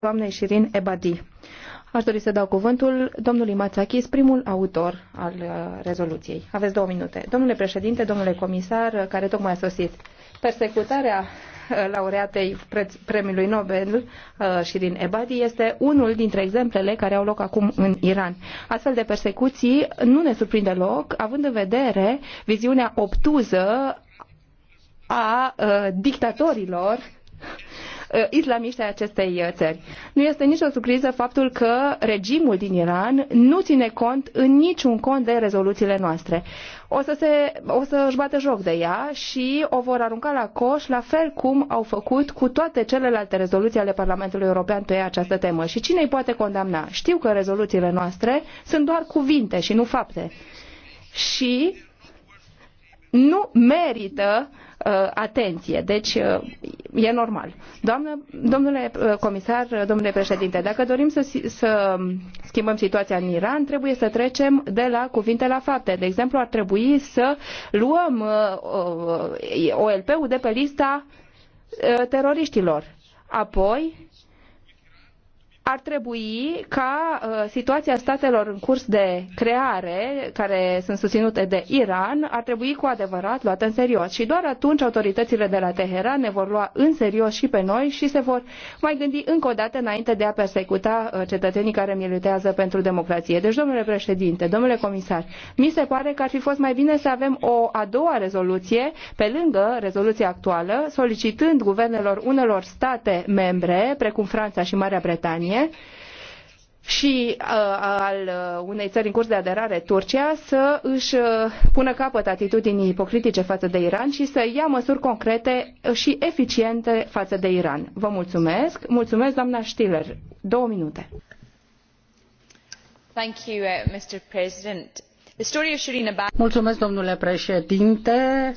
doamnei Shirin Ebadi. Aș dori să dau cuvântul domnului Mațachis, primul autor al uh, rezoluției. Aveți două minute. Domnule președinte, domnule comisar, uh, care tocmai a sosit, persecutarea uh, laureatei premiului Nobel, și din Ebadi, este unul dintre exemplele care au loc acum în Iran. Astfel de persecuții nu ne surprinde loc, având în vedere viziunea obtuză a dictatorilor Uh, islamiști ai acestei uh, țări. Nu este nicio surpriză faptul că regimul din Iran nu ține cont în niciun cont de rezoluțiile noastre. O să, se, o să își bată joc de ea și o vor arunca la coș, la fel cum au făcut cu toate celelalte rezoluții ale Parlamentului European pe această temă. Și cine îi poate condamna? Știu că rezoluțiile noastre sunt doar cuvinte și nu fapte. Și nu merită uh, atenție. Deci uh, e normal. Doamnă, domnule uh, comisar, uh, domnule președinte, dacă dorim să, să schimbăm situația în Iran, trebuie să trecem de la cuvinte la fapte. De exemplu, ar trebui să luăm uh, uh OLP-ul de pe lista uh, teroriștilor. Apoi, ar trebui ca uh, situația statelor în curs de creare, care sunt susținute de Iran, ar trebui cu adevărat luată în serios. Și doar atunci autoritățile de la Teheran ne vor lua în serios și pe noi și se vor mai gândi încă o dată înainte de a persecuta uh, cetățenii care militează pentru democrație. Deci, domnule președinte, domnule comisar, mi se pare că ar fi fost mai bine să avem o a doua rezoluție, pe lângă rezoluția actuală, solicitând guvernelor unor state membre, precum Franța și Marea Bretanie, Europene și uh, al uh, unei țări în curs de aderare, Turcia, să își uh, pună capăt atitudinii ipocritice față de Iran și să ia măsuri concrete și eficiente față de Iran. Vă mulțumesc. Mulțumesc, doamna Stiller. Două minute. Thank you, Mr. President. The story of Mulțumesc, domnule președinte.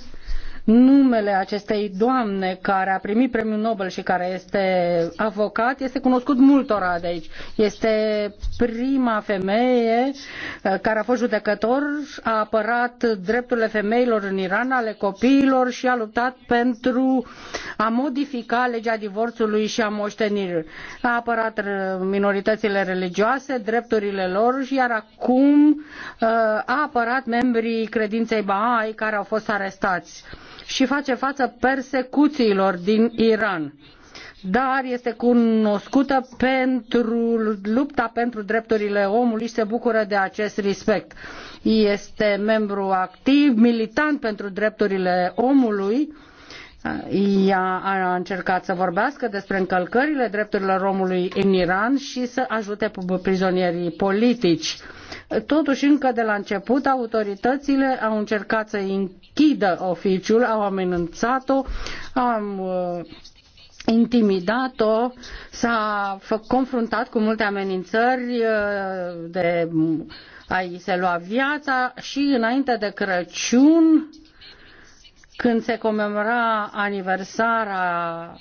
Numele acestei doamne care a primit premiul Nobel și care este avocat este cunoscut multora de aici. Este prima femeie uh, care a fost judecător, a apărat drepturile femeilor în Iran, ale copiilor și a luptat pentru a modifica legea divorțului și a moștenirii. A apărat uh, minoritățile religioase, drepturile lor, iar acum uh, a apărat membrii credinței Baha'i care au fost arestați și face față persecuțiilor din Iran dar este cunoscută pentru lupta pentru drepturile omului și se bucură de acest respect. Este membru activ, militant pentru drepturile omului. Ea a încercat să vorbească despre încălcările drepturilor omului în Iran și să ajute prizonierii politici. Totuși, încă de la început, autoritățile au încercat să închidă oficiul, au amenințat-o, au uh, intimidat-o, s-a confruntat cu multe amenințări uh, de a-i se lua viața și înainte de Crăciun, când se comemora aniversarea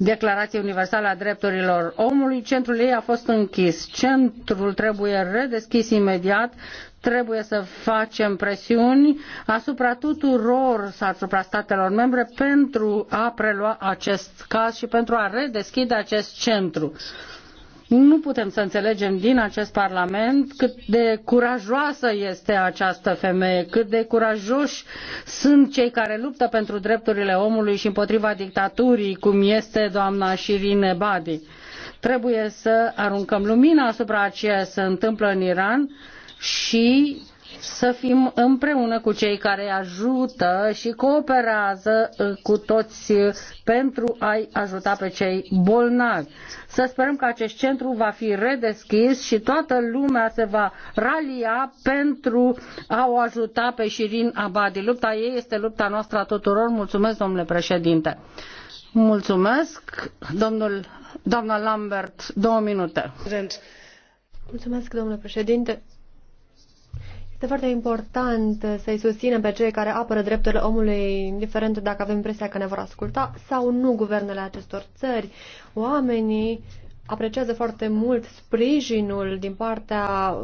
Declarației Universale a Drepturilor Omului, centrul ei a fost închis. Centrul trebuie redeschis imediat trebuie să facem presiuni asupra tuturor, asupra statelor membre pentru a prelua acest caz și pentru a redeschide acest centru. Nu putem să înțelegem din acest Parlament cât de curajoasă este această femeie, cât de curajoși sunt cei care luptă pentru drepturile omului și împotriva dictaturii, cum este doamna Shirin Ebadi. Trebuie să aruncăm lumina asupra ceea ce se întâmplă în Iran și să fim împreună cu cei care ajută și cooperează uh, cu toți uh, pentru a-i ajuta pe cei bolnavi. Să sperăm că acest centru va fi redeschis și toată lumea se va ralia pentru a o ajuta pe Shirin Abadi. Lupta ei este lupta noastră a tuturor. Mulțumesc, domnule președinte. Mulțumesc, domnul, doamna Lambert, două minute. Mulțumesc, domnule președinte. Este foarte important să-i susținem pe cei care apără drepturile omului, indiferent dacă avem impresia că ne vor asculta sau nu guvernele acestor țări. Oamenii apreciază foarte mult sprijinul din partea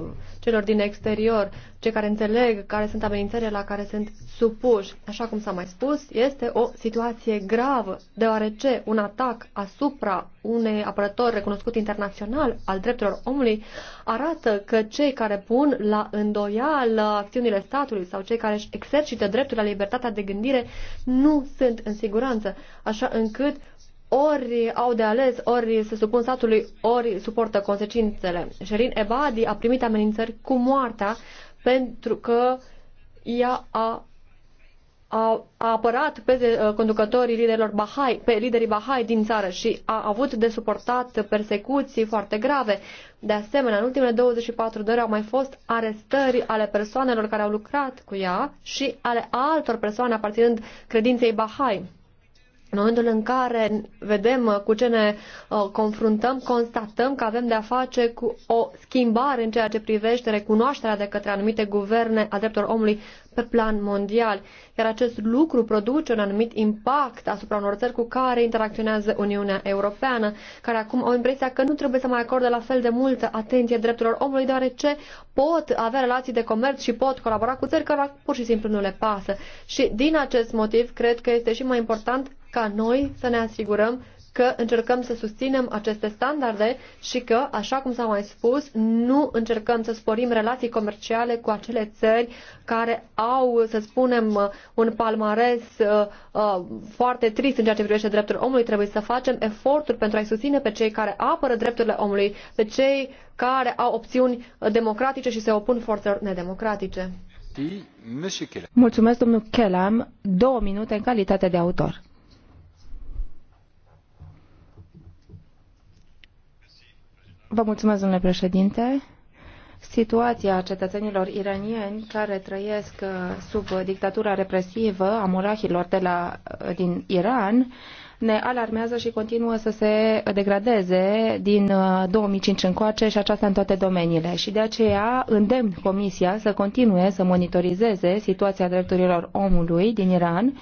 celor din exterior, cei care înțeleg care sunt amenințările la care sunt supuși. Așa cum s-a mai spus, este o situație gravă, deoarece un atac asupra unei apărător recunoscut internațional al drepturilor omului arată că cei care pun la îndoială acțiunile statului sau cei care își exercită dreptul la libertatea de gândire nu sunt în siguranță, așa încât ori au de ales, ori se supun statului, ori suportă consecințele. Șerin Ebadi a primit amenințări cu moartea pentru că ea a, a, a apărat pe eh, conducătorii liderilor Bahai, pe liderii Bahai din țară și a avut de suportat persecuții foarte grave. De asemenea, în ultimele 24 de ore au mai fost arestări ale persoanelor care au lucrat cu ea și ale altor persoane aparținând credinței Bahai. În momentul în care vedem cu ce ne uh, confruntăm, constatăm că avem de-a face cu o schimbare în ceea ce privește recunoașterea de către anumite guverne a drepturilor omului pe plan mondial. Iar acest lucru produce un anumit impact asupra unor țări cu care interacționează Uniunea Europeană, care acum au impresia că nu trebuie să mai acorde la fel de multă atenție drepturilor omului, deoarece pot avea relații de comerț și pot colabora cu țări care pur și simplu nu le pasă. Și din acest motiv, cred că este și mai important ca noi să ne asigurăm că încercăm să susținem aceste standarde și că, așa cum s-a mai spus, nu încercăm să sporim relații comerciale cu acele țări care au, să spunem, un palmares uh, uh, foarte trist în ceea ce privește drepturile omului. Trebuie să facem eforturi pentru a-i susține pe cei care apără drepturile omului, pe cei care au opțiuni democratice și se opun forțelor nedemocratice. Mulțumesc, domnul Kelam. Două minute în calitate de autor. Vă mulțumesc, domnule președinte. Situația cetățenilor iranieni care trăiesc uh, sub dictatura represivă a murahilor de la, uh, din Iran ne alarmează și continuă să se degradeze din 2005 uh, încoace și aceasta în toate domeniile. Și de aceea îndemn Comisia să continue să monitorizeze situația drepturilor omului din Iran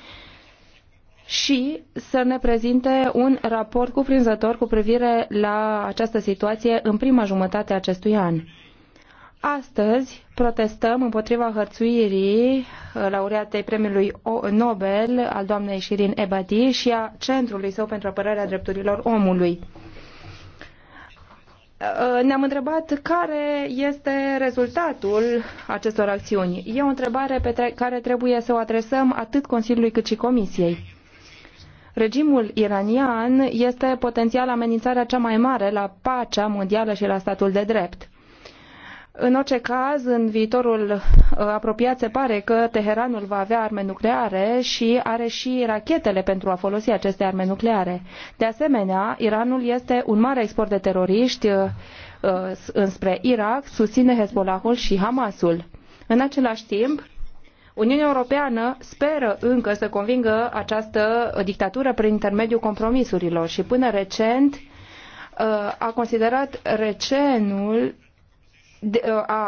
și să ne prezinte un raport cuprinzător cu privire la această situație în prima jumătate a acestui an. Astăzi protestăm împotriva hărțuirii laureatei premiului Nobel al doamnei Shirin Ebadi și a Centrului său pentru apărarea drepturilor omului. Ne-am întrebat care este rezultatul acestor acțiuni. E o întrebare pe care trebuie să o adresăm atât Consiliului cât și Comisiei Regimul iranian este potențial amenințarea cea mai mare la pacea mondială și la statul de drept. În orice caz, în viitorul uh, apropiat se pare că Teheranul va avea arme nucleare și are și rachetele pentru a folosi aceste arme nucleare. De asemenea, Iranul este un mare export de teroriști uh, uh, înspre Irak, susține Hezbollahul și Hamasul. În același timp, Uniunea Europeană speră încă să convingă această dictatură prin intermediul compromisurilor și până recent uh, a considerat recenul Uh, a,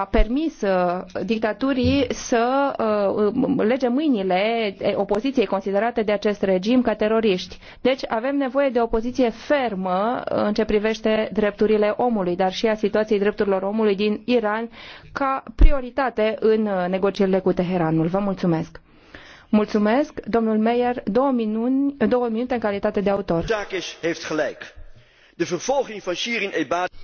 a permis uh, dictaturii să uh, lege mâinile opoziției considerate de acest regim ca teroriști. Deci avem nevoie de o poziție fermă în ce privește drepturile omului, dar și a situației drepturilor omului din Iran ca prioritate în negocierile cu Teheranul. Vă mulțumesc! Mulțumesc, domnul Meyer, două, minuni, două minute în calitate de autor. De vervolging van Shirin Ebadi...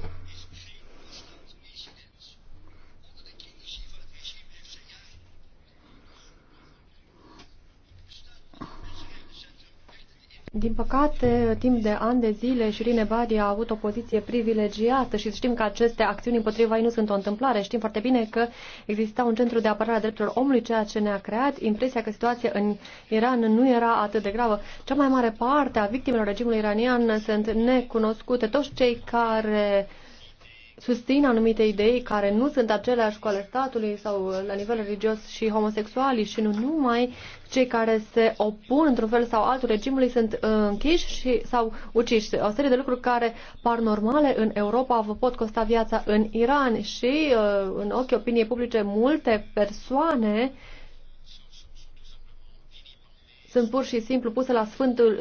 Din păcate, timp de ani de zile, Shirin Ebadi a avut o poziție privilegiată și știm că aceste acțiuni împotriva ei nu sunt o întâmplare. Știm foarte bine că exista un centru de apărare a drepturilor omului, ceea ce ne-a creat impresia că situația în Iran nu era atât de gravă. Cea mai mare parte a victimelor regimului iranian sunt necunoscute. Toți cei care uh, susțin anumite idei care nu sunt aceleași cu ale statului sau la nivel religios și homosexualii și nu numai cei care se opun într-un fel sau altul regimului sunt uh, închiși și, sau uciși. O serie de lucruri care par normale în Europa vă pot costa viața în Iran și uh, în ochii opiniei publice multe persoane uh, sunt pur și simplu puse la sfântul,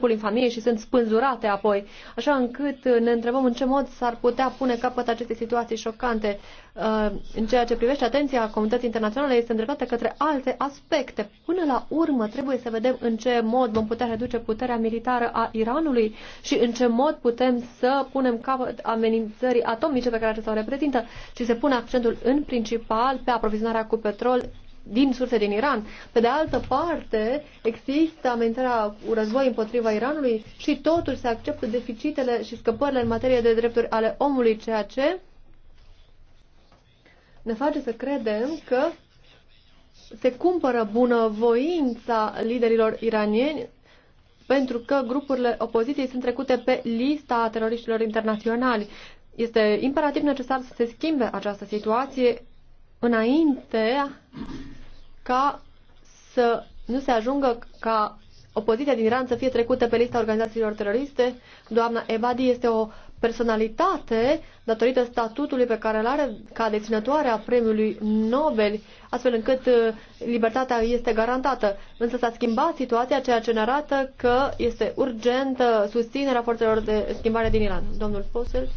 în infamiei și sunt spânzurate apoi, așa încât uh, ne întrebăm în ce mod s-ar putea pune capăt aceste situații șocante. Uh, în ceea ce privește atenția comunității internaționale este îndreptată către alte aspecte. Până la urmă trebuie să vedem în ce mod vom putea reduce puterea militară a Iranului și în ce mod putem să punem capăt amenințării atomice pe care acesta o reprezintă și se pune accentul în principal pe aprovizionarea cu petrol din surse din Iran. Pe de altă parte, există amenințarea război împotriva Iranului și totuși se acceptă deficitele și scăpările în materie de drepturi ale omului, ceea ce ne face să credem că se cumpără bunăvoința liderilor iranieni pentru că grupurile opoziției sunt trecute pe lista teroriștilor internaționali. Este imperativ necesar să se schimbe această situație înainte ca să nu se ajungă ca opoziția din Iran să fie trecută pe lista organizațiilor teroriste. Doamna Ebadi este o personalitate datorită statutului pe care îl are ca deținătoare a premiului Nobel, astfel încât uh, libertatea este garantată. Însă s-a schimbat situația, ceea ce ne arată că este urgentă susținerea forțelor de schimbare din Iran. Domnul Posel.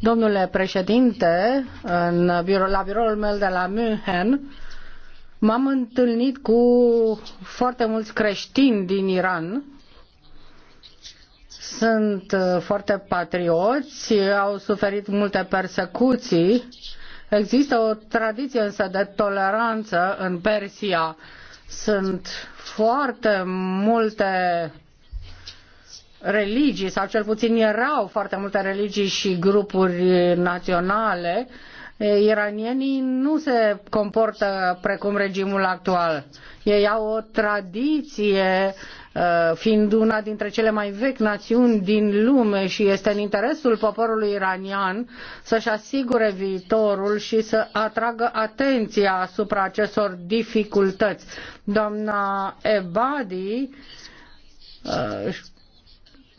Domnule președinte, în la biroul meu de la München, M-am întâlnit cu foarte mulți creștini din Iran. Sunt uh, foarte patrioți, au suferit multe persecuții. Există o tradiție însă de toleranță în Persia. Sunt foarte multe religii, sau cel puțin erau foarte multe religii și grupuri naționale uh, iranienii nu se comportă precum regimul actual. Ei au o tradiție uh, fiind una dintre cele mai vechi națiuni din lume și este în interesul poporului iranian să-și asigure viitorul și să atragă atenția asupra acestor dificultăți. Doamna Ebadi uh,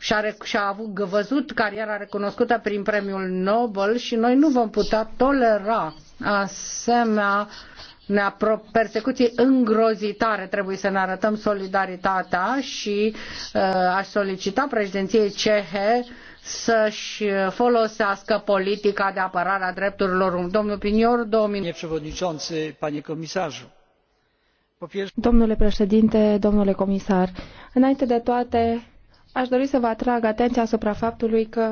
și-a, și-a avut văzut cariera recunoscută prin premiul Nobel și noi nu vom putea tolera asemenea persecuție îngrozitare. Trebuie să ne arătăm solidaritatea și uh, aș solicita președinției cehe să-și folosească politica de apărare a drepturilor omului. Domnul Pinior, două minute. Domnule președinte, domnule comisar, înainte de toate, Aș dori să vă atrag atenția asupra faptului că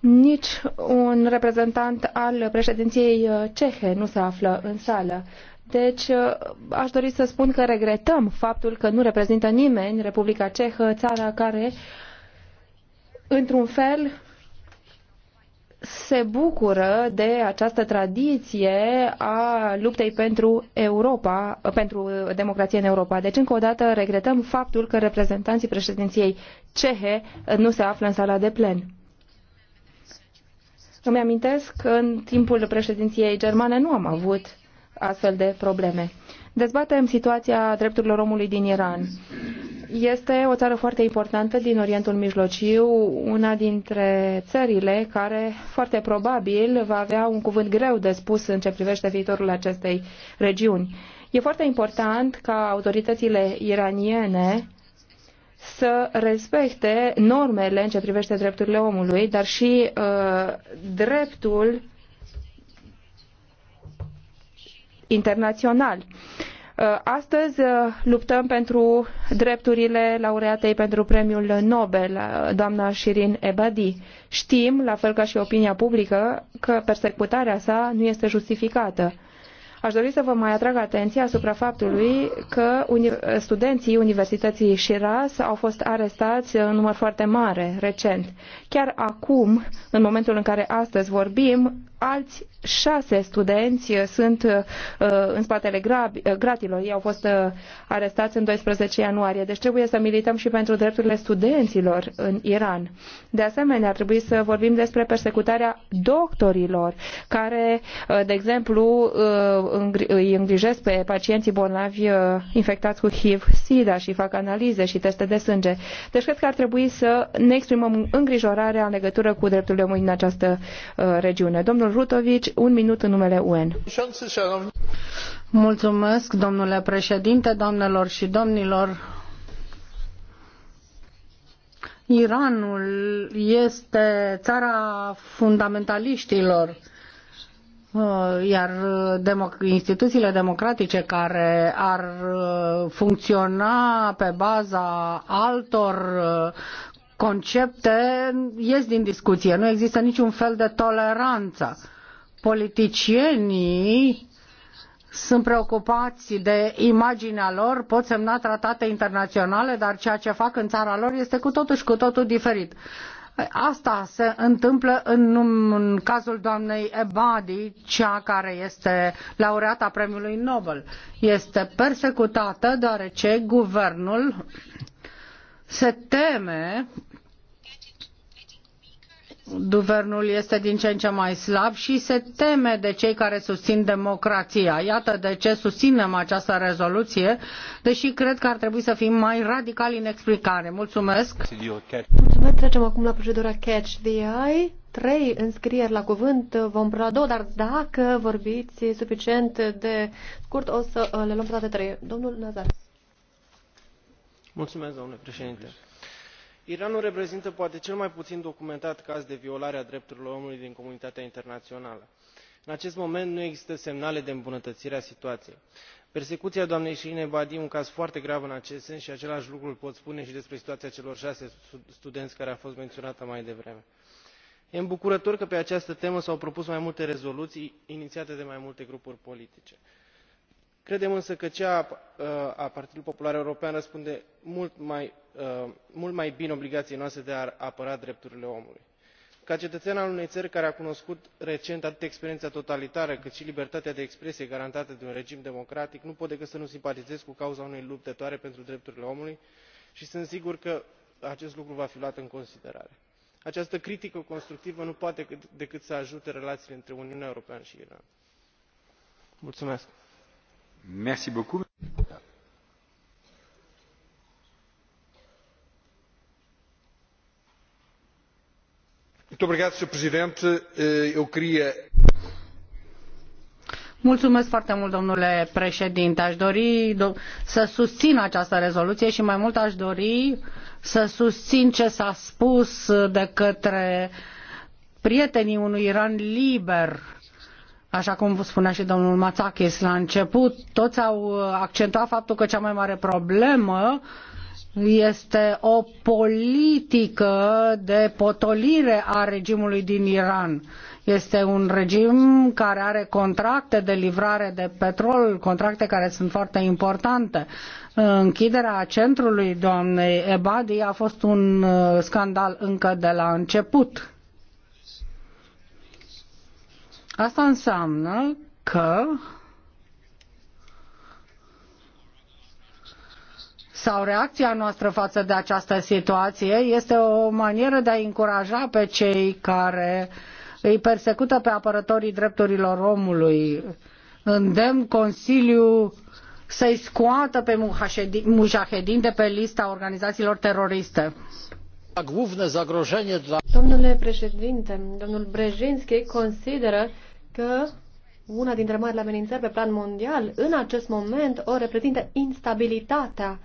nici un reprezentant al președinției uh, cehe nu se află în sală. Deci uh, aș dori să spun că regretăm faptul că nu reprezintă nimeni Republica Cehă, țara care, într-un fel, se bucură de această tradiție a luptei pentru Europa, pentru democrație în Europa. Deci, încă o dată, regretăm faptul că reprezentanții președinției cehe nu se află în sala de plen. Îmi amintesc că în timpul președinției germane nu am avut astfel de probleme. Dezbatem situația drepturilor omului din Iran este o țară foarte importantă din Orientul Mijlociu, una dintre țările care foarte probabil va avea un cuvânt greu de spus în ce privește viitorul acestei regiuni. E foarte important ca autoritățile iraniene să respecte normele în ce privește drepturile omului, dar și uh, dreptul internațional. Uh, Uh, astăzi uh, luptăm pentru drepturile laureatei pentru premiul Nobel, uh, doamna Shirin Ebadi. Știm, la fel ca și opinia publică, că persecutarea sa nu este justificată. Aș dori să vă mai atrag atenția asupra faptului că studenții Universității Shiraz au fost arestați în număr foarte mare recent. Chiar acum, în momentul în care astăzi vorbim, alți șase studenți sunt uh, în spatele uh, gratilor. Ei au fost uh, arestați în 12 ianuarie, deci trebuie să milităm și pentru drepturile studenților în Iran. De asemenea, ar trebui să vorbim despre persecutarea doctorilor, care, de exemplu, îi îngrijesc pe pacienții bolnavi infectați cu HIV-SIDA și fac analize și teste de sânge. Deci cred că ar trebui să ne exprimăm îngrijorarea în legătură cu drepturile omului în această regiune. Domnul Rutovici, un minut în numele UN. Mulțumesc, domnule președinte, doamnelor și domnilor. Iranul este țara fundamentaliștilor uh, iar instituțiile democratice care ar uh, funcționa pe baza altor uh, concepte ies din discuție. Nu există niciun fel de toleranță. Politicienii sunt preocupați de imaginea lor, pot semna tratate internaționale, dar ceea ce fac în țara lor este cu totul și cu totul diferit. Asta se întâmplă în, în cazul doamnei Ebadi, cea care este laureata premiului Nobel. Este persecutată deoarece guvernul se teme guvernul este din ce în ce mai slab și se teme de cei care susțin democrația. Iată de ce susținem această rezoluție, deși cred că ar trebui să fim mai radicali în explicare. Mulțumesc! Mulțumesc! Trecem acum la procedura Catch the Eye. Trei înscrieri la cuvânt vom prelua două, dar dacă vorbiți suficient de scurt, o să le luăm pe toate trei. Domnul Nazar. Mulțumesc, domnule președinte iranul reprezintă poate cel mai puțin documentat caz de violare a drepturilor omului din comunitatea internațională. în acest moment nu există semnale de îmbunătățire a situației. persecuția doamnei shirin ebadi un caz foarte grav în acest sens și același lucru îl pot spune și despre situația celor șase studenți care a fost menționată mai devreme. e îmbucurător că pe această temă s au propus mai multe rezoluții inițiate de mai multe grupuri politice credem însă că cea uh, a partidului popular european răspunde uh, mult mai bine obligației noastre de a apăra drepturile omului. ca cetățean al unei țări care a cunoscut recent atât experiența totalitară cât și libertatea de expresie garantată de un regim democratic nu pot decât să nu simpatizez cu cauza unei luptătoare pentru drepturile omului și sunt sigur că acest lucru va fi luat în considerare. această critică constructivă nu poate decât să ajute relațiile dintre uniunea europeană și iran. Merci beaucoup. Muito Presidente. Eh, eu queria Mulțumesc foarte mult, domnule președinte. Aș dori să susțin această rezoluție și mai mult aș dori să susțin ce s-a spus de către prietenii unui Iran liber Așa cum spunea și domnul Matsakis la început, toți au uh, accentuat faptul că cea mai mare problemă este o politică de potolire a regimului din Iran. Este un regim care are contracte de livrare de petrol, contracte care sunt foarte importante. Închiderea centrului doamnei Ebadi a fost un uh, scandal încă de la început Asta înseamnă că sau reacția noastră față de această situație este o manieră de a încuraja pe cei care îi persecută pe apărătorii drepturilor omului. Îndemn consiliu să-i scoată pe mujahedin de pe lista organizațiilor teroriste. Domnule președinte, domnul Brejinski consideră că una dintre marile amenințări pe plan mondial în acest moment o reprezintă instabilitatea.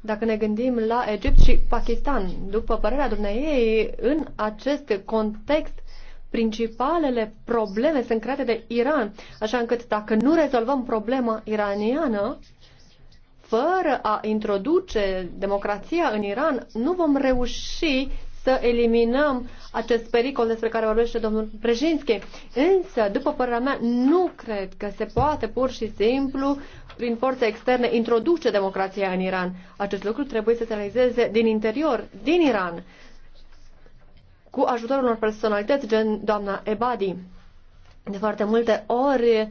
Dacă ne gândim la Egipt și Pakistan, după părerea dumneiei, în acest context principalele probleme sunt create de Iran, așa încât dacă nu rezolvăm problema iraniană, fără a introduce democrația în Iran, nu vom reuși să eliminăm acest pericol despre care vorbește domnul Brzezinski. Însă, după părerea mea, nu cred că se poate pur și simplu prin forțe externe introduce democrația în Iran. Acest lucru trebuie să se realizeze din interior, din Iran, cu ajutorul unor personalități gen doamna Ebadi. De foarte multe ori,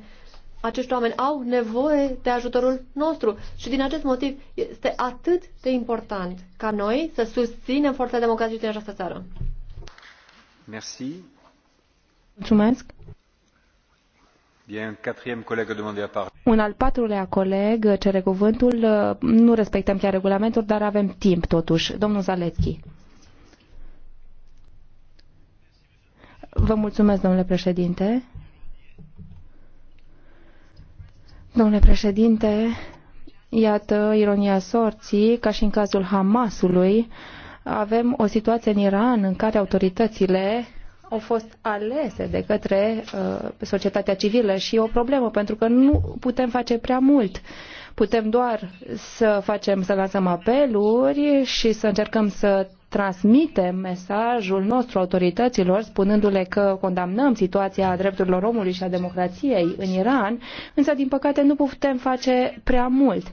acești oameni au nevoie de ajutorul nostru și din acest motiv este atât de important ca noi să susținem forța democratică din această țară. Merci. Mulțumesc. Bien, coleg a demandé Un al patrulea coleg cere cuvântul. Nu respectăm chiar regulamentul, dar avem timp totuși. Domnul Zalețchi. Vă mulțumesc, domnule președinte. Domnule președinte, iată ironia sorții, ca și în cazul Hamasului, avem o situație în Iran în care autoritățile au fost alese de către uh, societatea civilă și e o problemă pentru că nu putem face prea mult. Putem doar să facem, să lansăm apeluri și să încercăm să transmitem mesajul nostru autorităților, spunându-le că condamnăm situația drepturilor omului și a democrației în Iran, însă, din păcate, nu putem face prea mult.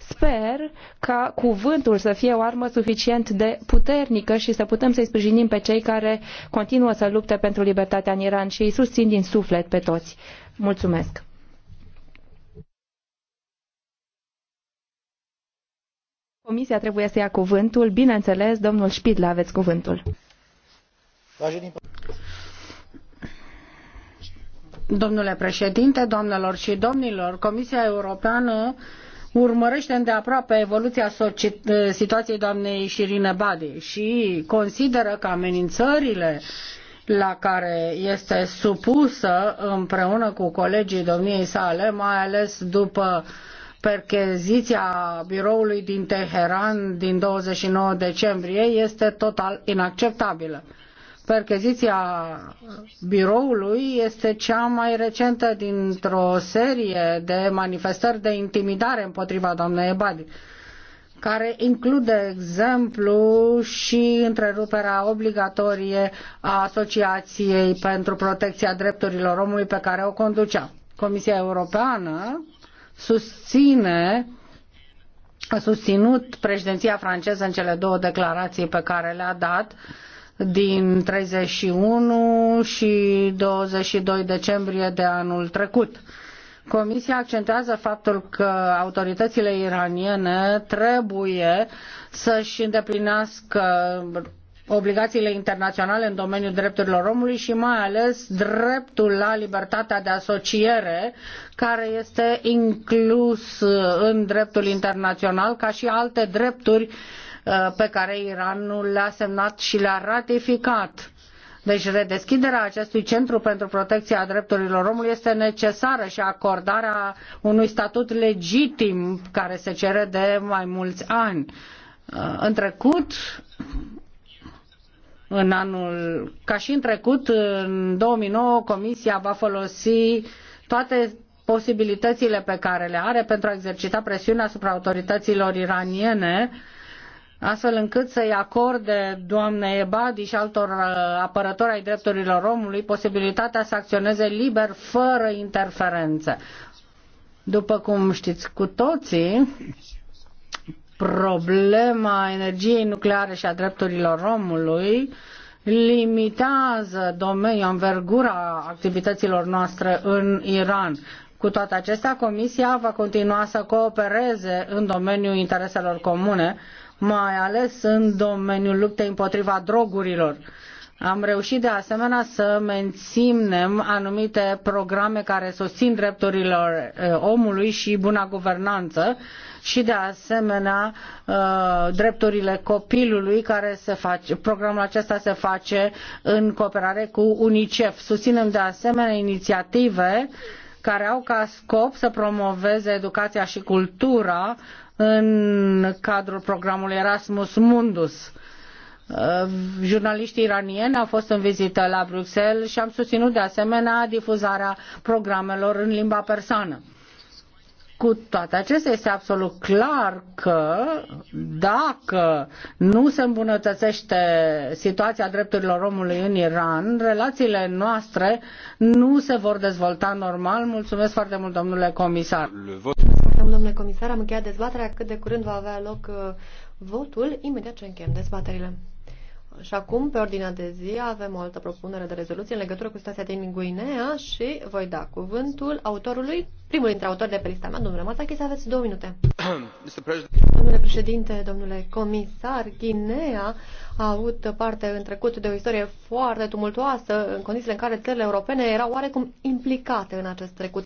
Sper ca cuvântul să fie o armă suficient de puternică și să putem să-i sprijinim pe cei care continuă să lupte pentru libertatea în Iran și îi susțin din suflet pe toți. Mulțumesc! Comisia trebuie să ia cuvântul. Bineînțeles, domnul Șpidla, aveți cuvântul. Domnule președinte, domnilor și domnilor, Comisia Europeană urmărește îndeaproape evoluția situației doamnei Șirine Badi și consideră că amenințările la care este supusă împreună cu colegii domniei sale, mai ales după uh, percheziția biroului din Teheran din 29 decembrie este total inacceptabilă. Percheziția biroului este cea mai recentă dintr-o serie de manifestări de intimidare împotriva doamnei Ebadi care include, de exemplu, și întreruperea obligatorie a Asociației pentru Protecția Drepturilor Omului pe care o conducea. Comisia Europeană susține a susținut președinția franceză în cele două declarații pe care le-a dat din 31 și 22 decembrie de anul trecut. Comisia accentuează faptul că autoritățile iraniene trebuie să-și îndeplinească obligațiile internaționale în domeniul drepturilor omului și mai ales dreptul la libertatea de asociere, care este inclus în dreptul internațional ca și alte drepturi uh, pe care Iranul le-a semnat și le-a ratificat. Deci redeschiderea acestui centru pentru protecția drepturilor omului este necesară și acordarea unui statut legitim care se cere de mai mulți ani. În trecut, în anul, ca și în trecut, în 2009, Comisia va folosi toate posibilitățile pe care le are pentru a exercita presiunea asupra autorităților iraniene, astfel încât să-i acorde doamnei Ebadi și altor uh, apărători ai drepturilor omului posibilitatea să acționeze liber, fără interferențe. După cum știți cu toții, problema energiei nucleare și a drepturilor omului limitează domeniul, învergura activităților noastre în Iran. Cu toate acestea, Comisia va continua să coopereze în domeniul intereselor comune, mai ales în domeniul luptei împotriva drogurilor am reușit de asemenea să menținem anumite programe care susțin drepturile uh, omului și buna guvernanță și de asemenea uh, drepturile copilului care se face, programul acesta se face în cooperare cu UNICEF. Susținem de asemenea inițiative care au ca scop să promoveze educația și cultura în cadrul programului Erasmus Mundus Uh, jurnaliștii iranieni au fost în vizită la Bruxelles și am susținut de asemenea difuzarea programelor în limba persană. Cu toate acestea, este absolut clar că dacă nu se îmbunătățește situația drepturilor omului în Iran, relațiile noastre nu se vor dezvolta normal. Mulțumesc foarte mult, domnule comisar. Mulțumesc foarte mult, domnule comisar. Am încheiat dezbaterea. Cât de curând va avea loc uh, votul, imediat ce încheiem dezbaterile. Și acum, pe ordinea de zi, avem o altă propunere de rezoluție în legătură cu situația din Guinea și voi da cuvântul autorului, primul dintre autori de pe lista mea, domnule să aveți două minute. domnule președinte, domnule comisar, Guinea a avut parte în trecut de o istorie foarte tumultuoasă, în condițiile în care țările europene erau oarecum implicate în acest trecut.